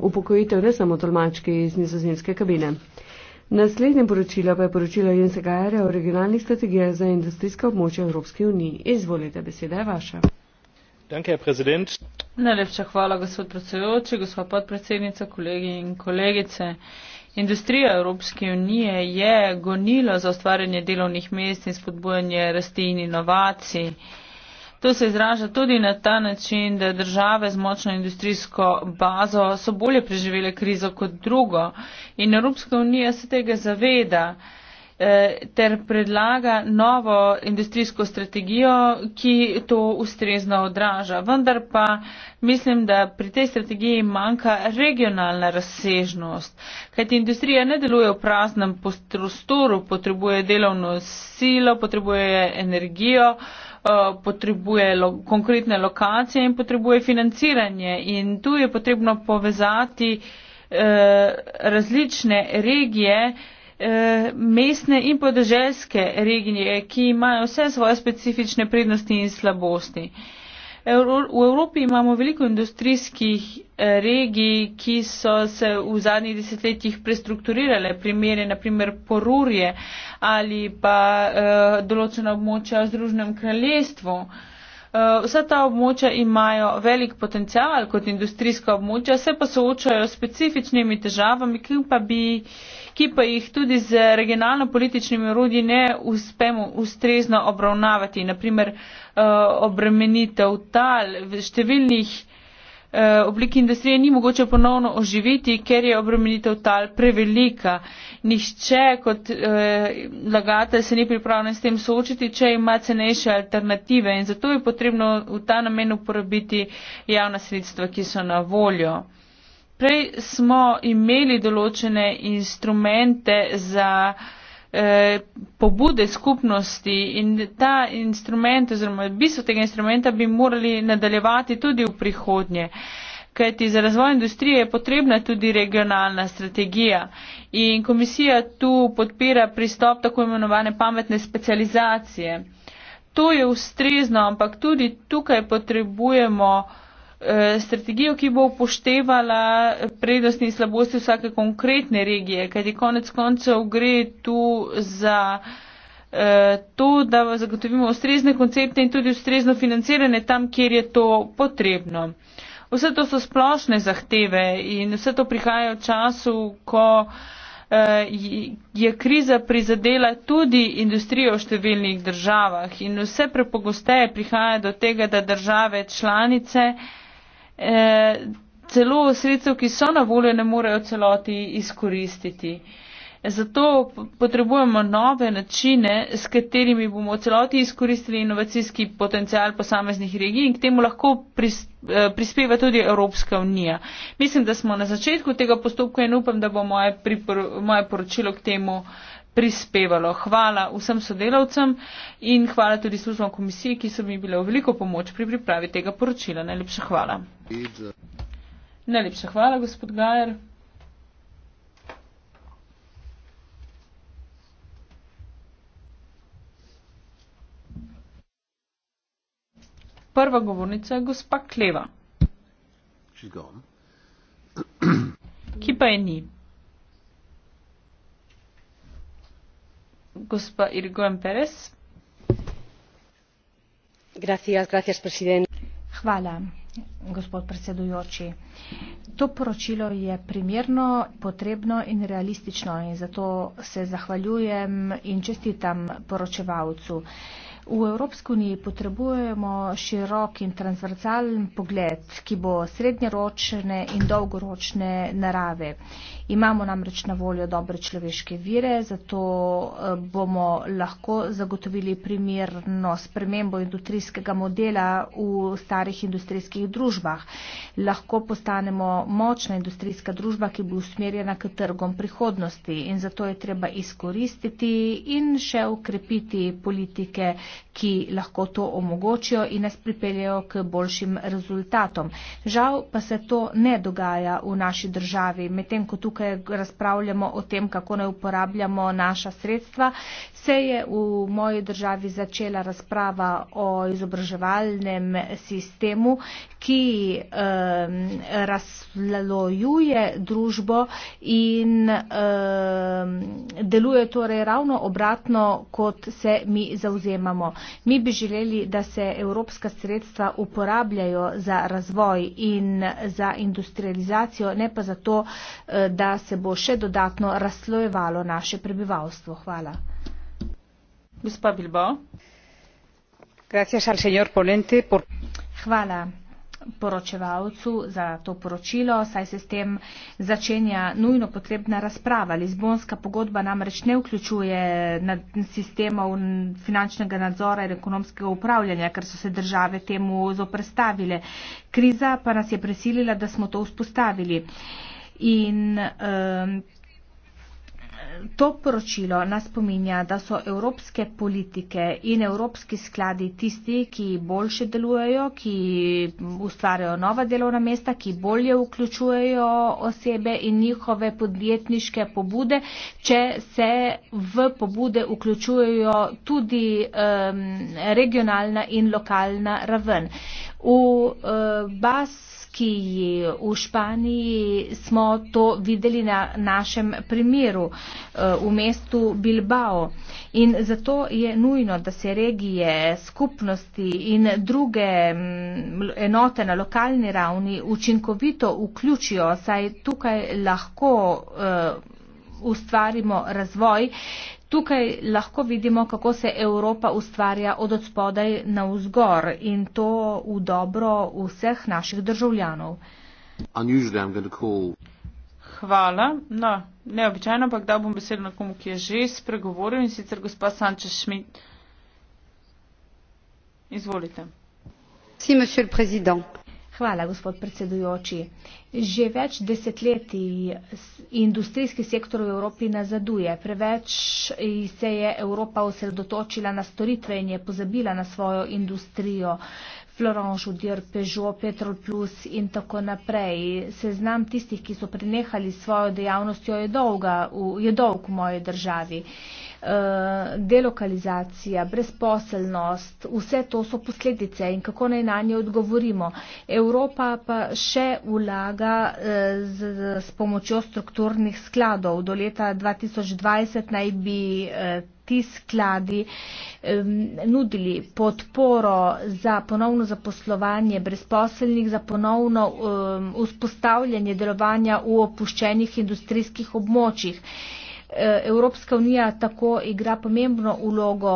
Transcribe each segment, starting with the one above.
upokojitev ne samo tolmačke iz nizozemske kabine. Naslednje poročilo pa je poročilo Jense Gajerja o regionalnih strategijah za industrijska območja Evropske unije. Izvolite, beseda je vaša. Najlepša hvala, gospod predsedujoči, gospod podpredsednica, kolegi in kolegice. Industrija Evropske unije je gonilo za ustvarjanje delovnih mest in spodbujanje rasti in inovacij. To se izraža tudi na ta način, da države z močno industrijsko bazo so bolje preživele krizo kot drugo in Evropska unija se tega zaveda eh, ter predlaga novo industrijsko strategijo, ki to ustrezno odraža. Vendar pa mislim, da pri tej strategiji manjka regionalna razsežnost, kajti industrija ne deluje v praznem prostoru, potrebuje delovno silo, potrebuje energijo, Eh, potrebuje lo konkretne lokacije in potrebuje financiranje. In tu je potrebno povezati eh, različne regije, eh, mestne in podeželske regije, ki imajo vse svoje specifične prednosti in slabosti. V Evropi imamo veliko industrijskih eh, regij, ki so se v zadnjih desetletjih prestrukturirale, primere naprimer Porurje ali pa eh, določena območja v Združenem kraljestvu. Eh, vsa ta območja imajo velik potencial kot industrijska območja, se pa soočajo s specifičnimi težavami, ki pa bi eh, ki pa jih tudi z regionalno političnimi urodji ne uspemo ustrezno obravnavati, naprimer eh, obremenitev tal, številnih eh, oblik industrije ni mogoče ponovno oživiti, ker je obremenitev tal prevelika. Nihče kot eh, lagate se ni pripravljen s tem soočiti, če ima cenejše alternative in zato je potrebno v ta namen uporabiti javna sredstva, ki so na voljo prej smo imeli določene instrumente za eh, pobude skupnosti in ta instrument oziroma bistvo tega instrumenta bi morali nadaljevati tudi v prihodnje. Kajti za razvoj industrije je potrebna tudi regionalna strategija in komisija tu podpira pristop tako imenovane pametne specializacije. To je ustrezno, ampak tudi tukaj potrebujemo Eh, strategijo, ki bo upoštevala prednosti in slabosti vsake konkretne regije, kajti konec koncev gre tu za eh, to, da zagotovimo ustrezne koncepte in tudi ustrezno financiranje tam, kjer je to potrebno. Vse to so splošne zahteve in vse to prihaja v času, ko eh, je kriza prizadela tudi industrijo v številnih državah in vse prepogosteje prihaja do tega, da države članice eh, Eh, celo sredstev, ki so na voljo, ne morejo celoti izkoristiti. Zato potrebujemo nove načine, s katerimi bomo celoti izkoristili inovacijski potencial posameznih regij in k temu lahko eh, prispeva tudi Evropska unija. Mislim, da smo na začetku tega postopka in upam, da bo moje, moje poročilo k temu uh, prispevalo. Hvala vsem sodelavcem in hvala tudi službam komisije, ki so mi bile v veliko pomoč pri pripravi tega poročila. Najlepša hvala. Najlepša hvala, gospod Gajer. Prva govornica je gospa Kleva, ki pa je ni. gospa Irgoen Perez. Gracias, gracias, president. Hvala, gospod predsedujoči. To poročilo je primerno, potrebno in realistično in zato se zahvaljujem in čestitam poročevalcu. V Evropski uniji potrebujemo širok in transversalen pogled, ki bo srednjeročne in dolgoročne narave. Imamo namreč na voljo dobre človeške vire, zato eh, bomo lahko zagotovili primerno spremembo industrijskega modela v starih industrijskih družbah. Lahko postanemo močna industrijska družba, ki bo usmerjena k trgom prihodnosti in zato je treba izkoristiti in še ukrepiti politike ki lahko to omogočijo in nas pripeljejo k boljšim rezultatom. Žal pa se to ne dogaja v naši državi. Medtem, ko tukaj razpravljamo o tem, kako ne uporabljamo naša sredstva, se je v moji državi začela razprava o izobraževalnem sistemu, ki um, razlojuje družbo in um, deluje torej ravno obratno, kot se mi zauzemamo bomo. Mi bi želeli, da se evropska sredstva uporabljajo za razvoj in za industrializacijo, ne pa za to, eh, da se bo še dodatno razslojevalo naše prebivalstvo. Hvala. Hvala poročevalcu za to poročilo, saj se s tem začenja nujno potrebna razprava. Lizbonska pogodba namreč ne vključuje sistemov finančnega nadzora in ekonomskega upravljanja, ker so se države temu zoprstavile. Kriza pa nas je presilila, da smo to vzpostavili. In, um, to poročilo nas pominja, da so evropske politike in evropski skladi tisti, ki boljše delujejo, ki ustvarjajo nova delovna mesta, ki bolje vključujejo osebe in njihove podjetniške pobude, če se v pobude vključujejo tudi um, regionalna in lokalna raven. U eh, Baskiji, u Španiji smo to videli na našem primjeru u eh, mestu Bilbao. In zato je nujno, da se regije, skupnosti in druge mm, enote na lokalni ravni učinkovito vključijo, saj tukaj lahko eh, ustvarimo razvoj. Tukaj lahko vidimo, kako se Evropa ustvarja od odspodaj na vzgor in to v dobro vseh naših državljanov. Hvala. No, neobičajno, ampak da bom besedil nekomu, ki je že spregovoril in sicer gospa Sančeš Šmit. Izvolite. Si, monsieur le président. Hvala, gospod predsedujoči. Že več desetletij industrijski sektor v Evropi nazaduje. Preveč se je Evropa osredotočila na storitve in je pozabila na svojo industrijo. Florent Žudir, Peugeot, Petrol Plus in tako naprej. Seznam tistih, ki so prenehali svojo dejavnostjo, je, dolga, je dolg v moji državi. Eh, delokalizacija, brezposelnost, vse to so posledice in kako naj na nje odgovorimo. Evropa pa še vlaga eh, z, z pomočjo strukturnih skladov. Do leta 2020 naj bi eh, ti skladi nudili podporo za ponovno zaposlovanje brezposelnih, za ponovno vzpostavljanje delovanja v opuščenih industrijskih območjih. E, Evropska unija tako igra pomembno ulogo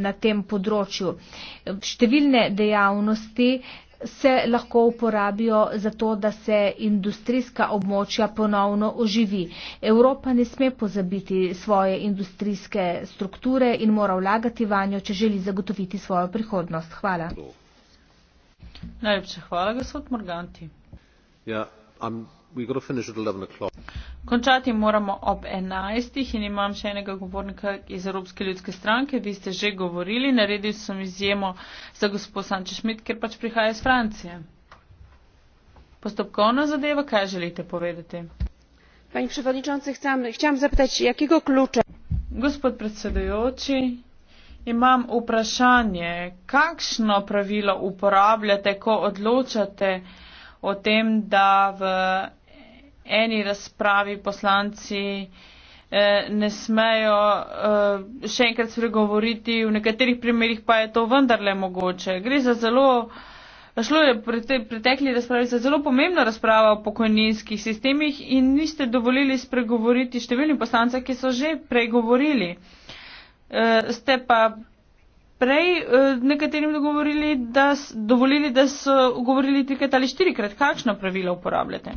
na tem področju. Številne dejavnosti se lahko uporabijo za to, da se industrijska območja ponovno oživi. Evropa ne sme pozabiti svoje industrijske strukture in mora vlagati vanjo, če želi zagotoviti svojo prihodnost. Hvala. Najlepša hvala, gospod Morganti. Ja, um, Končati moramo ob 11. in imam še enega govornika iz Evropske ljudske stranke. Vi ste že govorili, naredil sem izjemo za gospod Sanče Šmit, ker pač prihaja iz Francije. Postopkovna zadeva, kaj želite povedati? Pani predsedujoči, hočem zapitati, jakega ključa? Gospod predsedujoči, imam vprašanje, kakšno pravilo uporabljate, ko odločate o tem, da v eni razpravi poslanci eh, ne smejo eh, še enkrat spregovoriti, v nekaterih primerjih pa je to vendarle mogoče. Gre za zelo, šlo je pri tej pretekli razpravi za zelo pomembno razpravo o pokojninskih sistemih in niste dovolili spregovoriti številnim poslancem, ki so že pregovorili. Eh, ste pa prej nekaterim dovolili, da so govorili trikrat ali štirikrat, kakšno pravilo uporabljate?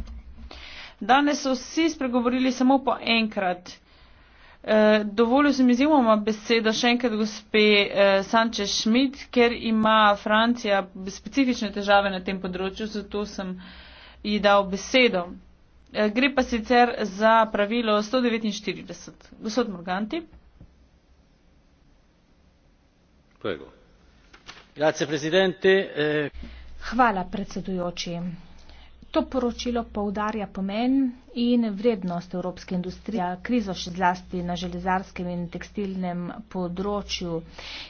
Danes so vsi spregovorili samo po enkrat. E, dovolil sem izjemoma besedo še enkrat gospe e, Sanče Šmit, ker ima Francija specifične težave na tem področju, zato sem ji dal besedo. E, gre pa sicer za pravilo 149. Gospod Morganti. Prego. E- Hvala predsedujoči. To poročilo poudarja pomen in vrednost evropske industrije, krizo še zlasti na železarskem in tekstilnem področju.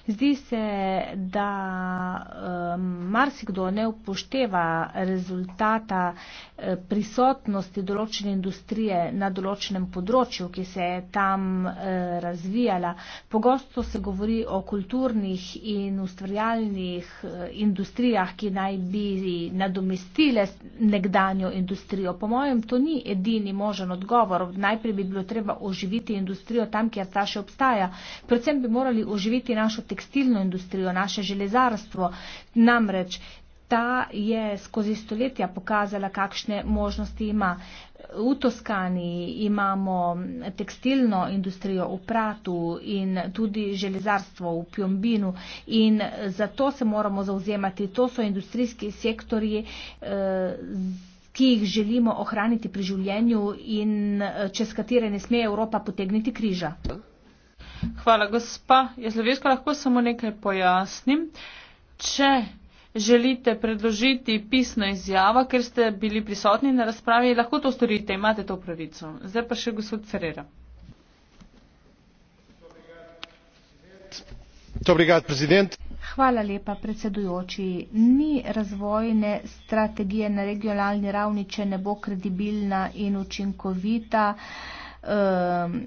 Zdi se, da um, marsikdo ne upošteva rezultata eh, prisotnosti določene industrije na določenem področju, ki se je tam uh, razvijala. Pogosto se govori o kulturnih in ustvarjalnih uh, industrijah, ki naj bi nadomestile nekdanje sedanjo industrijo. Po mojem, to ni edini možen odgovor. Najprej bi bilo treba oživiti industrijo tam, kjer ta še obstaja. Predvsem bi morali oživiti našo tekstilno industrijo, naše železarstvo. Namreč, ta je skozi stoletja pokazala, kakšne možnosti ima v Toskani imamo tekstilno industrijo v Pratu in tudi železarstvo v Pjombinu in zato se moramo zauzemati. To so industrijski sektori. Eh, ki jih želimo ohraniti pri življenju in eh, čez katere ne sme Evropa potegniti križa. Hvala, gospa. Jaz lahko samo nekaj pojasnim. Če želite predložiti pisno izjavo, ker ste bili prisotni na razpravi, lahko to storite, imate to pravico. Zdaj pa še gospod Ferreira. Hvala lepa, predsedujoči. Ni razvojne strategije na regionalni ravni, če ne bo kredibilna in učinkovita. Um,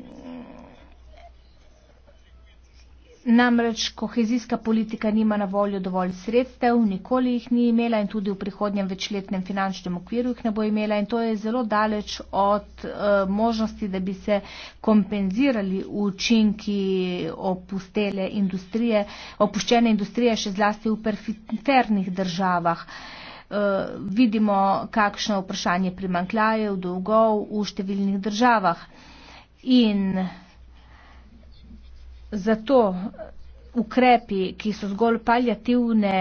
Namreč kohezijska politika nima na voljo dovolj sredstev, nikoli jih ni imela in tudi v prihodnjem večletnem finančnem okviru jih ne bo imela in to je zelo daleč od uh, možnosti, da bi se kompenzirali učinki opustele industrije, opuščene industrije še zlasti v perfiternih državah. Uh, vidimo, kakšno vprašanje primankljajev, dolgov v številnih državah. In Zato ukrepi, ki so zgolj paljativne,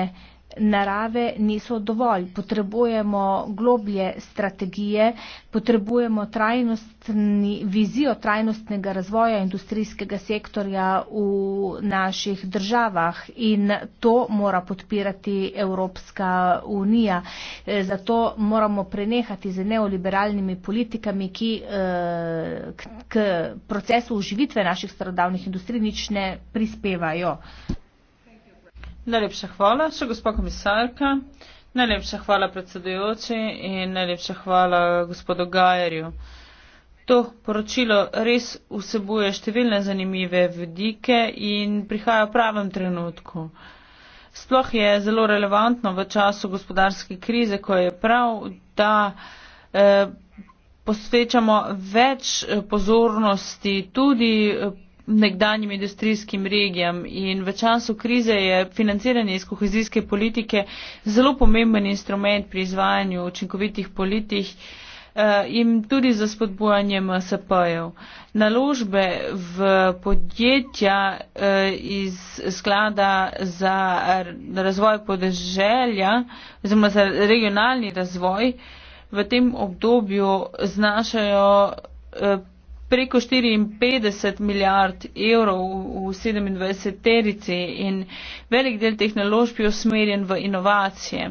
narave niso dovolj. Potrebujemo globlje strategije, potrebujemo trajnostni, vizijo trajnostnega razvoja industrijskega sektorja v naših državah in to mora podpirati Evropska unija. E, zato moramo prenehati z neoliberalnimi politikami, ki e, k procesu uživitve naših starodavnih industrij nič ne prispevajo. Najlepša hvala, še gospod komisarka. Najlepša hvala predsedujoči in najlepša hvala gospodu Gajerju. To poročilo res vsebuje številne zanimive vidike in prihaja v pravem trenutku. Sploh je zelo relevantno v času gospodarske krize, ko je prav, da eh, posvečamo več eh, pozornosti tudi eh, nekdanjim industrijskim regijam. In v času krize je financiranje iz kohezijske politike zelo pomemben instrument pri izvajanju učinkovitih politik eh, in tudi za spodbujanje MSP-jev. Naložbe v podjetja eh, iz sklada za razvoj podeželja, oziroma za regionalni razvoj, v tem obdobju znašajo eh, preko 54 milijard evrov v 27 terici in velik del teh naložb je usmerjen v inovacije.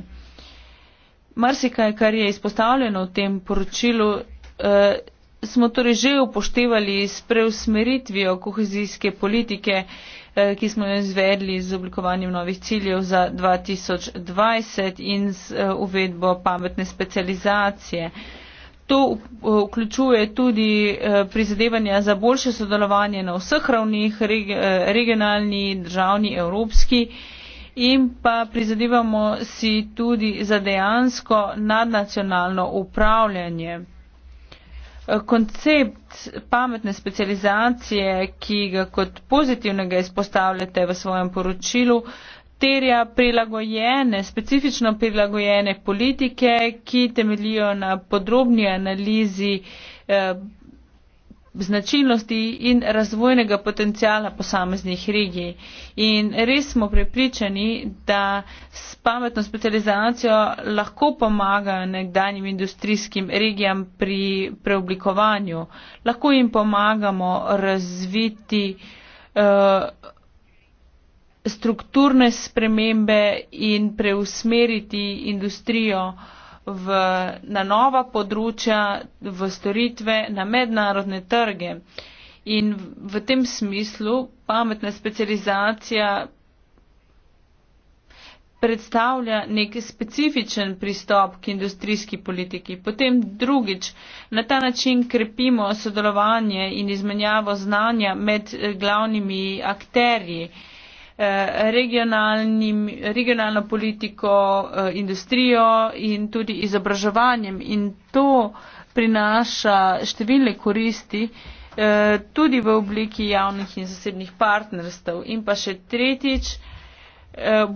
Marsikaj, kar je izpostavljeno v tem poročilu, eh, smo torej že upoštevali s preusmeritvijo kohezijske politike, eh, ki smo jo izvedli z oblikovanjem novih ciljev za 2020 in z eh, uvedbo pametne specializacije. Eh, To eh, vključuje tudi eh, prizadevanja za boljše sodelovanje na vseh ravnih, eh, regionalni, državni, evropski in pa prizadevamo si tudi za dejansko nadnacionalno upravljanje. Koncept pametne specializacije, ki ga kot pozitivnega izpostavljate v svojem poročilu, terja prilagojene, specifično prilagojene politike, ki temelijo na podrobni analizi eh, značilnosti in razvojnega potencijala posameznih regij. In res smo prepričani, da s pametno specializacijo lahko pomagajo nekdanjim industrijskim regijam pri preoblikovanju. Lahko jim pomagamo razviti eh, strukturne spremembe in preusmeriti industrijo v, na nova področja, v storitve, na mednarodne trge. In v tem smislu pametna specializacija predstavlja nek specifičen pristop k industrijski politiki. Potem drugič, na ta način krepimo sodelovanje in izmenjavo znanja med eh, glavnimi akterji. Eh, regionalno politiko, eh, industrijo in tudi izobraževanjem. In to prinaša številne koristi eh, tudi v obliki javnih in zasebnih partnerstv. In pa še tretjič,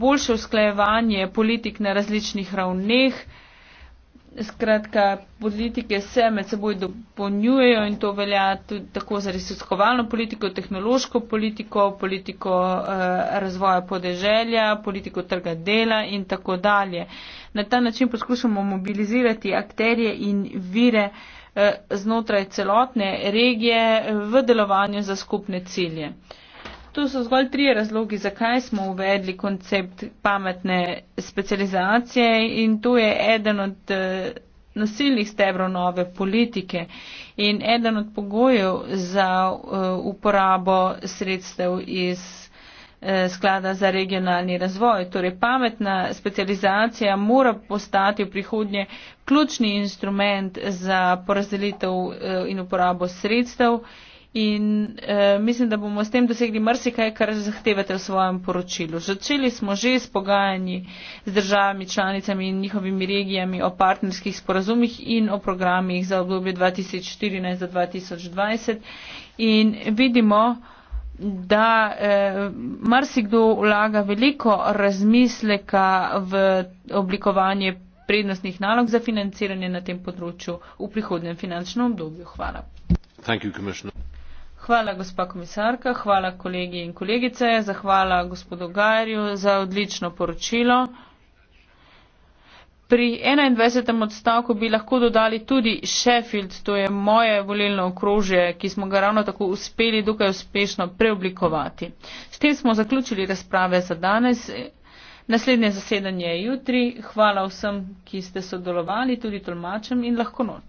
boljše usklajevanje politik na različnih ravneh, Skratka, politike se med seboj dopolnjujejo in to velja tudi tako za resiskovalno politiko, tehnološko politiko, politiko eh, razvoja podeželja, politiko trga dela in tako dalje. Na ta način poskušamo mobilizirati akterje in vire eh, znotraj celotne regije v delovanju za skupne cilje. Eh, To so zgolj tri razlogi, zakaj smo uvedli koncept pametne specializacije in to je eden od eh, nasilnih stebrov nove politike in eden od pogojev za eh, uporabo sredstev iz eh, sklada za regionalni razvoj. Torej, pametna specializacija mora postati v prihodnje ključni instrument za porazdelitev in uporabo sredstev. In eh, mislim, da bomo s tem dosegli mrsikaj, kar zahtevate v svojem poročilu. Začeli smo že s pogajanji z državami, članicami in njihovimi regijami o partnerskih sporazumih in o programih za obdobje 2014 do 2020. In vidimo, da eh, marsikdo vlaga veliko razmisleka v oblikovanje prednostnih nalog za financiranje na tem področju v prihodnem finančnem obdobju. Hvala. Thank you, Hvala, gospa komisarka, hvala kolegi in kolegice, zahvala gospodu Gajerju za odlično poročilo. Pri 21. odstavku bi lahko dodali tudi Sheffield, to je moje volilno okrožje, ki smo ga ravno tako uspeli dokaj uspešno preoblikovati. S tem smo zaključili razprave za danes. Naslednje zasedanje je jutri. Hvala vsem, ki ste sodelovali, tudi tolmačem in lahko noč.